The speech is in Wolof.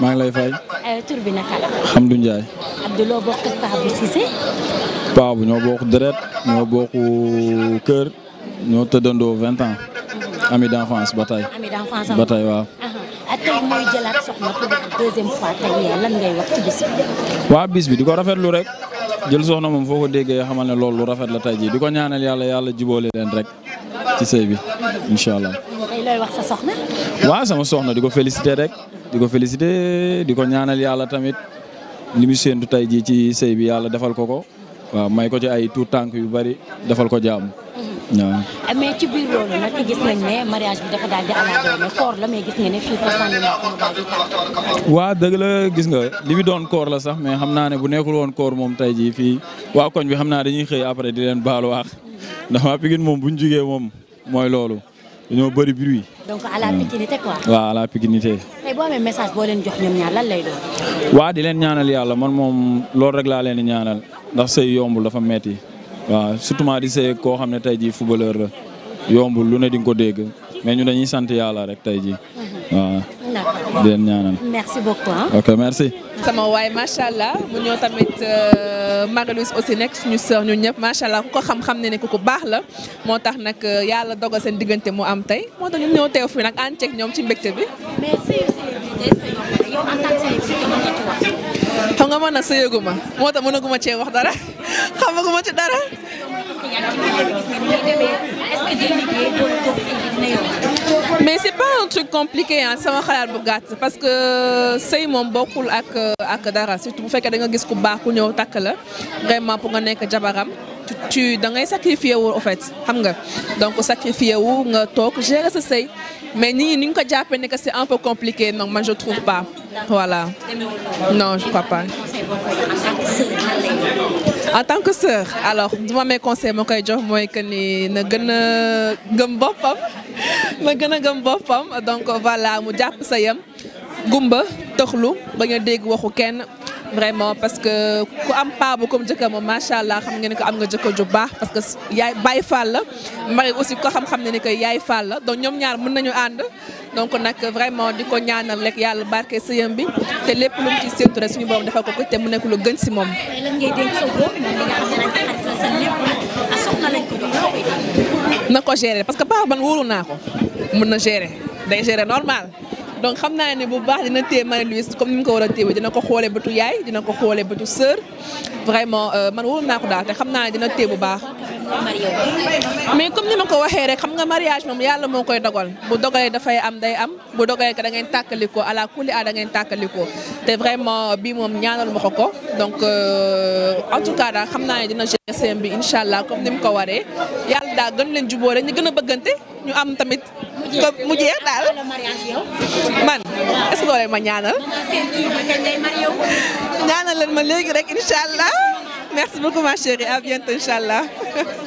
maa ngi lay fay. Euh, tur bi naka la. Hamdou Ndiaye. Abdou loo bokk ak Paa bu Cissé. Paa ñoo bokk deret ñoo bokk kër ñoo tëddandoo vingt ans. Mhm. ami d'enfance ba tey. ami d'enfance ba uh-huh. ah, tey waaw. tey soxna pour deuxième fois tey lan ngay wax ci bis bi. waa bis bi di ko rafetlu rek jël soxna moom foo ko déggee xamal ne loolu lu rafet la tey jii di ko ñaanal yàlla yàlla jubóole leen rek. ci sëy bi incha allah. looy sama soxna di ko félicité rek di ko félicité di ko ñaanal yàlla tamit li mu séentu tey jii ci sëy bi yàlla defal ko ko waaw may ko ci ay tuut tànk yu bari defal ko jàmm. Mhm. waaw. mais ci la gis nga waa dëgg la gis nga li bi doon koor la sax mais xam naa ne bu nekkul woon koor moom tey jii fii waa koñ bi xam naa dañuy xëy après di leen baalu waax mhm. ndax waa Pikine moom buñ ñu moom. mooy loolu ñoo bëri bruit. donc la hmm. pikinité quoi. waaw à la pikinité. tey message boo leen jox ñoom ñaar lay doon. waa di leen ñaanal yàlla man moom loolu rek laa leen di ñaanal ndax sëy yombul dafa metti waaw surtout di sëy koo xam ne tey jii footballeur la yombul lu ne di nga ko dégg mais ñu dañuy sant yàlla rek tey jii hmm. waaw. di leen ñaanal. merci beaucoup. ok sama waay macha allah mu ñëw tamit euh, Marie-Louise aussi nekk suñu sœur ñun ñëpp macha allah ku ko xam-xam ne ne ku ko baax la moo tax nag euh, yàlla dogal seen diggante mu am tey moo tax ñun ñëw teew fii nag ànd ceeg ñoom ci mbégte bi. xam nga man nag sëyaguma moo tax mënaguma cee wax dara xamaguma ci dara. mais c'est pas un truc compliqué ah sama xalaat bu gàtt parce que euh, sëy moom bokkul ak euh, ak dara surtout bu fekkee da nga gis ku baax ku ñëw la vraiment pour nga nekk jabaram tu da ngay sacrifier wu en fait xam nga donc sacrifier wu nga toog gérer sa sey mais ni ñi ni nga ko jàppee ne que c'est un peu compliqué non man je trouve pas voilà non je crois pas. en tant que sœur alors bu ma amee conseil ma koy jox mooy que ni na gën a gëm boppam na gën a gëm boppam donc voilà mu jàpp sa yem gumba toxlu ba nga dégg waxu kenn vraiment parce que ku am paa bu comme jëkkër moom macha allah xam nga ne ko am nga jëkkër ju baax parce que yaay Baay Faal la Marie aussi ko xam-xam ne ni que yaay Faal la donc ñoom ñaar mën nañu ànd donc nag vraiment di ko ñaanal rek yàlla barke sëyam bi te lépp lu mu ci séntu rek suñu borom defal ko ko te mu nekk lu gën si moom. na ko gérer parce que baax ban wóoru naa ko mun na gérer day gérer normal. donc xam naa ne bu baax dina téye Marie-Louise comme ni ko war a téye dina ko xoolee bëtu yaay dina ko xoolee bëtu sœur vraiment euh, man wóor naa ko daal te xam naa ne dina téye bu baax. mais comme ni ma ko waxee rek xam nga mariage moom yàlla moo koy dogal bu dogalee dafay am day am bu dogalee da ngeen tàkkalikoo ala kulli a da ngeen tàkkalikoo te vraiment bii moom ñaanal ma ko ko donc euh, en tout cas daal xam naa ne dina gérer seen bi incha allah comme ni mu ko waree yàlla daal gën leen jubóo rek ñu gën a bëggante. ñu am tamit. mu jeex daal man est-ce que lay ma ñaanal. ñaanal leen ma léegi rek incha allah merci beaucoup ma chérie à bientôt incha allah.